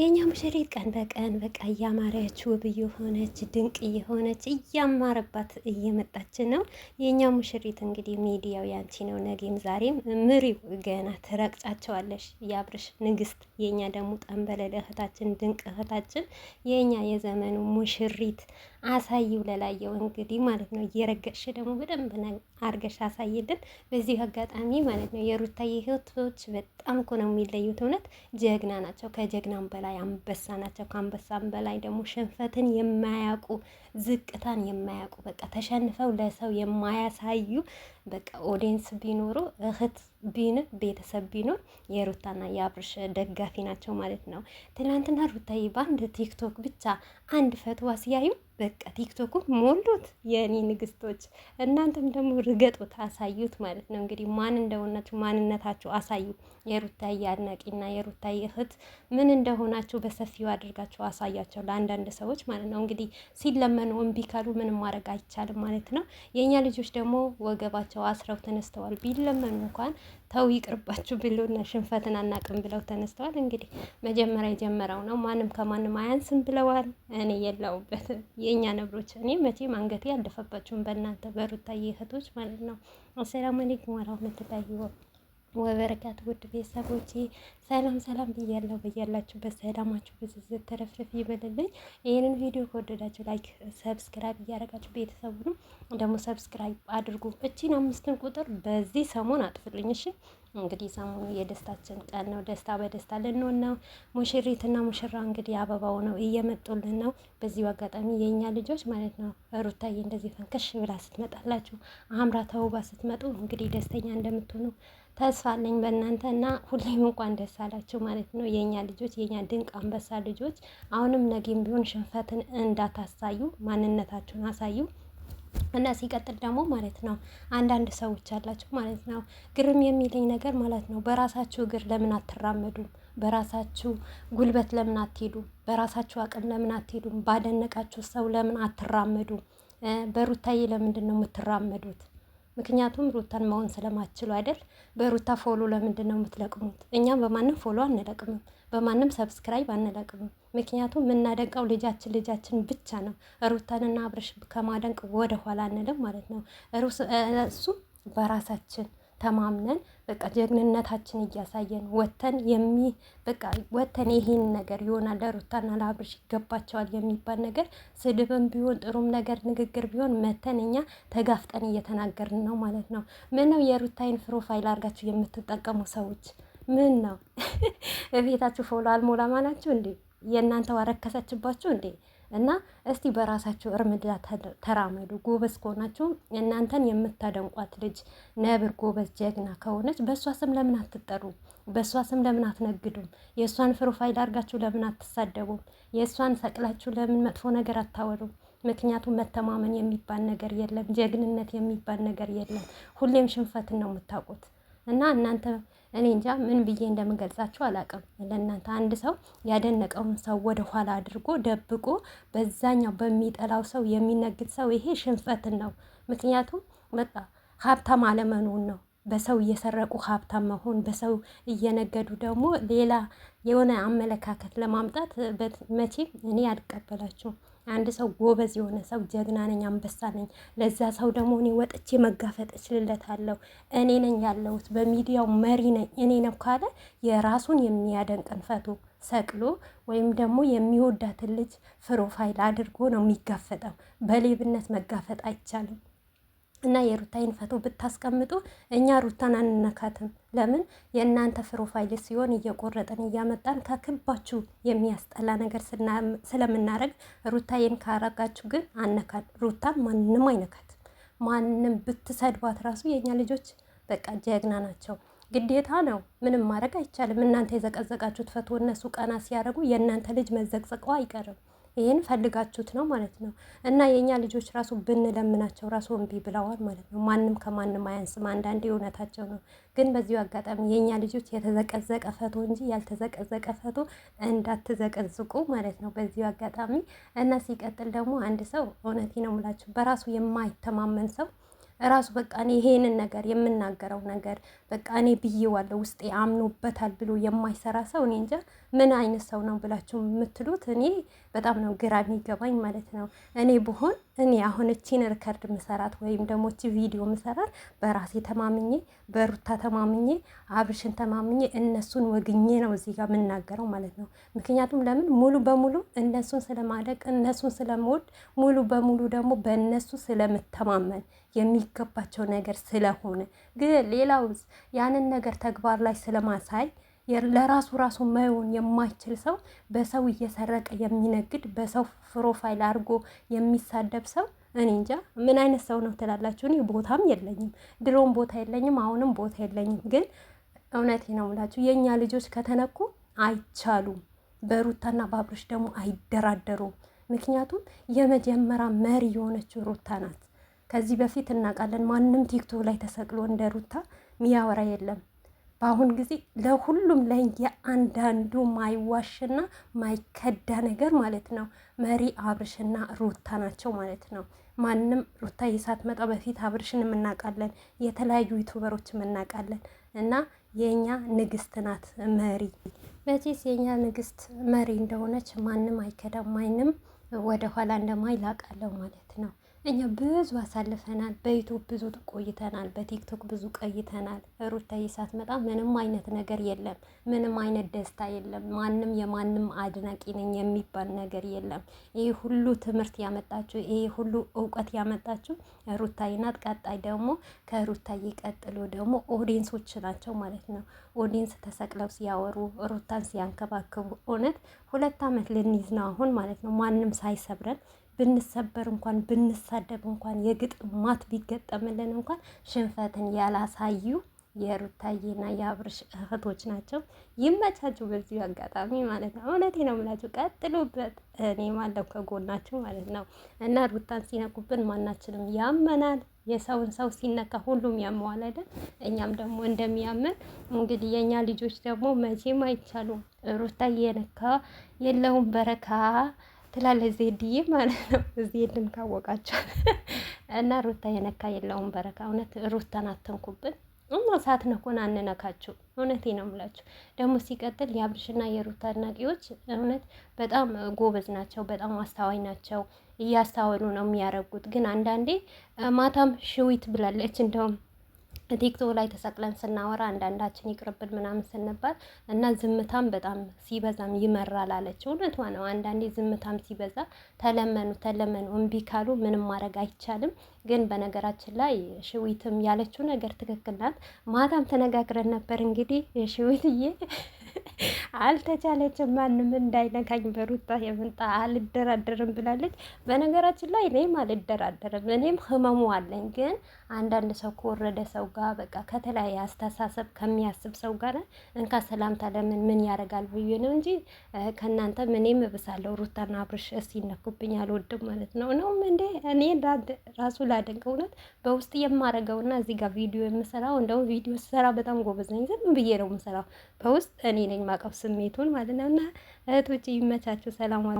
የኛ ሙሽሪት ቀን በቀን በቃ እያማረች ውብ እየሆነች ድንቅ እየሆነች እያማረባት እየመጣች ነው። የእኛ ሙሽሪት እንግዲህ ሚዲያው ያንቺ ነው፣ ነገም ዛሬም ምሪው ገና ትረቅጫቸዋለሽ ያብርሽ ንግስት የእኛ ደግሞ ጠንበለል እህታችን ድንቅ እህታችን የእኛ የዘመኑ ሙሽሪት አሳይው ለላየው እንግዲህ ማለት ነው። እየረገሽ ደግሞ በደንብ አርገሽ አሳይልን። በዚህ አጋጣሚ ማለት ነው የሩታዬ እህቶች በጣም እኮ ነው የሚለዩት። እውነት ጀግና ናቸው፣ ከጀግናም በላይ አንበሳ ናቸው። ከአንበሳም በላይ ደግሞ ሽንፈትን የማያውቁ ዝቅታን የማያውቁ በቃ ተሸንፈው ለሰው የማያሳዩ በቃ ኦዲየንስ ቢኖሩ እህት ቢን ቤተሰብ ቢኖር የሩታና የአብርሽ ደጋፊ ናቸው ማለት ነው። ትናንትና ሩታዬ በአንድ ቲክቶክ ብቻ አንድ ፈትዋ ሲያዩ በቃ ቲክቶኩን ሞሉት የእኔ ንግስቶች። እናንተም ደግሞ ርገጡት፣ አሳዩት ማለት ነው። እንግዲህ ማን እንደሆናችሁ ማንነታችሁ አሳዩ። የሩታዬ አድናቂና የሩታይ እህት ምን እንደሆናችሁ በሰፊው አድርጋችሁ አሳያቸው፣ ለአንዳንድ ሰዎች ማለት ነው። እንግዲህ ሲለመኑ እምቢ ካሉ ምንም ማድረግ አይቻልም ማለት ነው። የእኛ ልጆች ደግሞ ወገባቸው አስረው ተነስተዋል። ቢለመኑ እንኳን ተው ይቅርባችሁ ብሎና ሽንፈትን አናቅም ብለው ተነስተዋል። እንግዲህ መጀመሪያ የጀመረው ነው፣ ማንም ከማንም አያንስም ብለዋል። እኔ የለውበትም የእኛ ነብሮች። እኔ መቼም አንገቴ ያለፈባቸውን በእናንተ በሩታዬ እህቶች ማለት ነው። አሰላሙ አለይኩም ወራህመቱላሂ ወበረካቱ ውድ ቤተሰቦቼ ሰላም ሰላም ብያለሁ። በያላችሁበት ሰላማችሁ ብዝዝ ተረፍረፍ ይበልልኝ። ይህንን ቪዲዮ ከወደዳችሁ ላይክ፣ ሰብስክራይብ እያደረጋችሁ ቤተሰቡ ነው ደግሞ ሰብስክራይብ አድርጉ። እቺን አምስትን ቁጥር በዚህ ሰሞን አጥፍልኝ እሺ። እንግዲህ ሰሞኑ የደስታችን ቀን ነው። ደስታ በደስታ ልንሆን ነው። ሙሽሪትና ሙሽራ እንግዲህ አበባው ነው እየመጡልን ነው። በዚሁ አጋጣሚ የእኛ ልጆች ማለት ነው ሩታዬ እንደዚህ ፈንከሽ ብላ ስትመጣላችሁ አምራ ተውባ ስትመጡ እንግዲህ ደስተኛ እንደምትሆኑ ተስፋ አለኝ በእናንተ እና ሁሌም እንኳን ደስ አላችሁ ማለት ነው። የእኛ ልጆች የእኛ ድንቅ አንበሳ ልጆች አሁንም ነገም ቢሆን ሽንፈትን እንዳታሳዩ ማንነታችሁን አሳዩ። እና ሲቀጥል ደግሞ ማለት ነው አንዳንድ ሰዎች አላቸው ማለት ነው ግርም የሚለኝ ነገር ማለት ነው በራሳችሁ እግር ለምን አትራመዱም? በራሳችሁ ጉልበት ለምን አትሄዱም? በራሳችሁ አቅም ለምን አትሄዱም? ባደነቃችሁ ሰው ለምን አትራመዱም? በሩታዬ ለምንድን ነው የምትራመዱት? ምክንያቱም ሩታን መሆን ስለማትችሉ አይደል? በሩታ ፎሎ ለምንድን ነው የምትለቅሙት? እኛም በማንም ፎሎ አንለቅምም። በማንም ሰብስክራይብ አንለቅም። ምክንያቱም የምናደንቀው ልጃችን ልጃችን ብቻ ነው። ሩታንና አብረሽ ከማደንቅ ወደኋላ አንልም ማለት ነው። እሱ በራሳችን ተማምነን በቃ ጀግንነታችን እያሳየን ወተን የሚ በቃ ወተን ይሄን ነገር ይሆናል ለሩታና ለአብርሽ ይገባቸዋል የሚባል ነገር ስድብም ቢሆን ጥሩም ነገር ንግግር ቢሆን መተን እኛ ተጋፍጠን እየተናገርን ነው ማለት ነው። ነው የሩታይን ፕሮፋይል አድርጋችሁ የምትጠቀሙ ሰዎች ምን ነው እቤታችሁ ፎሎ አልሞላ ማላችሁ እንዴ? የእናንተ ዋረከሰችባችሁ እንዴ? እና እስቲ በራሳችሁ እርምጃ ተራመዱ። ጎበዝ ከሆናችሁ እናንተን የምታደንቋት ልጅ ነብር፣ ጎበዝ፣ ጀግና ከሆነች በእሷ ስም ለምን አትጠሩ? በእሷ ስም ለምን አትነግዱም? የእሷን ፕሮፋይል አድርጋችሁ ለምን አትሳደቡም? የእሷን ሰቅላችሁ ለምን መጥፎ ነገር አታወሩም? ምክንያቱም መተማመን የሚባል ነገር የለም። ጀግንነት የሚባል ነገር የለም። ሁሌም ሽንፈትን ነው የምታውቁት እና እናንተ እኔ እንጃ ምን ብዬ እንደምገልጻችሁ አላውቅም። ለእናንተ አንድ ሰው ያደነቀውን ሰው ወደ ኋላ አድርጎ ደብቆ በዛኛው በሚጠላው ሰው የሚነግድ ሰው ይሄ ሽንፈትን ነው። ምክንያቱም በቃ ሀብታም አለመኖን ነው። በሰው እየሰረቁ ሀብታም መሆን፣ በሰው እየነገዱ ደግሞ ሌላ የሆነ አመለካከት ለማምጣት መቼም እኔ አልቀበላችሁም። አንድ ሰው ጎበዝ የሆነ ሰው ጀግና ነኝ፣ አንበሳ ነኝ፣ ለዛ ሰው ደግሞ እኔ ወጥቼ መጋፈጥ እችልለታለሁ፣ እኔ ነኝ ያለሁት፣ በሚዲያው መሪ ነኝ፣ እኔ ነው ካለ የራሱን የሚያደንቅን ፈቶ ሰቅሎ ወይም ደግሞ የሚወዳትን ልጅ ፕሮፋይል አድርጎ ነው የሚጋፈጠው። በሌብነት መጋፈጥ አይቻልም። እና የሩታይን ፈቶ ብታስቀምጡ እኛ ሩታን አንነካትም። ለምን የእናንተ ፕሮፋይል ሲሆን እየቆረጠን እያመጣን ከክባችሁ የሚያስጠላ ነገር ስለምናደርግ ሩታይን ካረጋችሁ ግን አነካት። ሩታን ማንም አይነካትም። ማንም ብትሰድባት ራሱ የእኛ ልጆች በቃ ጀግና ናቸው። ግዴታ ነው። ምንም ማድረግ አይቻልም። እናንተ የዘቀዘቃችሁት ፈቶ እነሱ ቀና ሲያደርጉ የእናንተ ልጅ መዘቅዘቀው አይቀርም። ይህን ፈልጋችሁት ነው ማለት ነው። እና የእኛ ልጆች ራሱ ብንለምናቸው ራሱ እምቢ ብለዋል ማለት ነው። ማንም ከማንም አያንስም። አንዳንዴ እውነታቸው ነው። ግን በዚሁ አጋጣሚ የእኛ ልጆች የተዘቀዘቀ ፈቶ እንጂ ያልተዘቀዘቀ ፈቶ እንዳትዘቀዝቁ ማለት ነው በዚሁ አጋጣሚ። እና ሲቀጥል ደግሞ አንድ ሰው እውነቴ ነው የምላቸው በራሱ የማይተማመን ሰው ራሱ በቃ እኔ ይሄንን ነገር የምናገረው ነገር በቃ እኔ ብዬዋለሁ ውስጤ አምኖበታል ብሎ የማይሰራ ሰው እኔ እንጃ ምን አይነት ሰው ነው ብላችሁ የምትሉት እኔ በጣም ነው ግራ የሚገባኝ ማለት ነው። እኔ ብሆን እኔ አሁን እቺን ሪከርድ ምሰራት ወይም ደግሞ እቺ ቪዲዮ ምሰራት በራሴ ተማምኜ በሩታ ተማምኜ አብርሽን ተማምኜ እነሱን ወግኜ ነው እዚህ ጋር የምናገረው ማለት ነው። ምክንያቱም ለምን ሙሉ በሙሉ እነሱን ስለማደቅ፣ እነሱን ስለምወድ ሙሉ በሙሉ ደግሞ በእነሱ ስለምተማመን የሚገባቸው ነገር ስለሆነ ግን ሌላው ያንን ነገር ተግባር ላይ ስለማሳይ ለራሱ ራሱ መሆን የማይችል ሰው በሰው እየሰረቀ የሚነግድ በሰው ፕሮፋይል አድርጎ የሚሳደብ ሰው እኔ እንጃ ምን አይነት ሰው ነው ትላላችሁ? እኔ ቦታም የለኝም፣ ድሮም ቦታ የለኝም፣ አሁንም ቦታ የለኝም። ግን እውነቴ ነው የምላችሁ የእኛ ልጆች ከተነኩ አይቻሉም። በሩታና በአብርሽ ደግሞ አይደራደሩም። ምክንያቱም የመጀመሪያ መሪ የሆነችው ሩታ ናት። ከዚህ በፊት እናውቃለን። ማንም ቲክቶክ ላይ ተሰቅሎ እንደ ሩታ ሚያወራ የለም። በአሁን ጊዜ ለሁሉም ለየአንዳንዱ ማይዋሽና ማይከዳ ነገር ማለት ነው መሪ አብርሽና ሩታ ናቸው ማለት ነው። ማንም ሩታ የሳትመጣ በፊት አብርሽን የምናውቃለን፣ የተለያዩ ዩቱበሮች የምናውቃለን እና የእኛ ንግስት ናት መሪ። መቼስ የእኛ ንግስት መሪ እንደሆነች ማንም አይከዳም፣ ማንም ወደኋላ እንደማይላቃለው ማለት ነው። እኛ ብዙ አሳልፈናል። በዩቱብ ብዙ ቆይተናል። በቲክቶክ ብዙ ቆይተናል። ሩታዬ ሳትመጣ ምንም አይነት ነገር የለም። ምንም አይነት ደስታ የለም። ማንም የማንም አድናቂ ነኝ የሚባል ነገር የለም። ይህ ሁሉ ትምህርት ያመጣችው ይህ ሁሉ እውቀት ያመጣችው ሩታዬ ናት። ቀጣይ ደግሞ ከሩታዬ ቀጥሎ ደግሞ ኦዲንሶች ናቸው ማለት ነው። ኦዲንስ ተሰቅለው ሲያወሩ ሩታን ሲያንከባክቡ እውነት ሁለት አመት ልንይዝ ነው አሁን ማለት ነው። ማንም ሳይሰብረን ብንሰበር እንኳን ብንሳደብ እንኳን የግጥም ማት ቢገጠምልን እንኳን ሽንፈትን ያላሳዩ የሩታዬና የአብርሽ እህቶች ናቸው። ይመቻችሁ። በዚሁ አጋጣሚ ማለት ነው እውነቴ ነው የምላችሁ፣ ቀጥሉበት። እኔ ማለው ከጎናችሁ ማለት ነው እና ሩታን ሲነኩብን ማናችንም ያመናል። የሰውን ሰው ሲነካ ሁሉም ያመዋል አይደል? እኛም ደግሞ እንደሚያምን እንግዲህ የእኛ ልጆች ደግሞ መቼም አይቻሉም። ሩታ የነካ የለውም በረካ ትላለች ዜድዬ ማለት ነው። ዜድን ካወቃቸው እና ሩታ የነካ የለውም በረካ። እውነት ሩታን አተንኩብን ሰዓት ሳትነኩን አንነካቸው። እውነቴ ነው የምላቸው። ደግሞ ሲቀጥል የአብርሽና የሩታ አድናቂዎች እውነት በጣም ጎበዝ ናቸው፣ በጣም አስተዋይ ናቸው። እያስተዋሉ ነው የሚያረጉት። ግን አንዳንዴ ማታም ሽዊት ብላለች እንደውም ቲክቶክ ላይ ተሰቅለን ስናወራ አንዳንዳችን ይቅርብን ምናምን ስንባል እና ዝምታም በጣም ሲበዛም ይመራል አለች። እውነቷ ነው። አንዳንዴ ዝምታም ሲበዛ ተለመኑ ተለመኑ እምቢ ካሉ ምንም ማድረግ አይቻልም። ግን በነገራችን ላይ ሽዊትም ያለችው ነገር ትክክል ናት። ማታም ተነጋግረን ነበር እንግዲህ ሽዊትዬ አልተቻለችም። ማንም እንዳይነካኝ በሩታ የምንጣ አልደራደርም ብላለች። በነገራችን ላይ እኔም አልደራደርም፣ እኔም ህመሙ አለኝ። ግን አንዳንድ ሰው ከወረደ ሰው ጋር በቃ ከተለያየ አስተሳሰብ ከሚያስብ ሰው ጋር እንካ ሰላምታ ለምን ምን ያደርጋል ብዬ ነው እንጂ ከእናንተ እኔም እብሳለሁ። ሩታና አብርሽ እስ ይነኩብኝ አልወድም ማለት ነው ነው እንዴ እኔ ራሱ ላደንቅ እውነት በውስጥ የማረገውና እዚህ ጋር ቪዲዮ የምሰራው እንደውም ቪዲዮ ስሰራ በጣም ጎበዝ ነኝ። ዝም ብዬ ነው የምሰራው በውስጥ እኔ ነኝ ማቀፍ ስሜቱን ማለት ነው። እና እህቶች ይመቻችሁ። ሰላም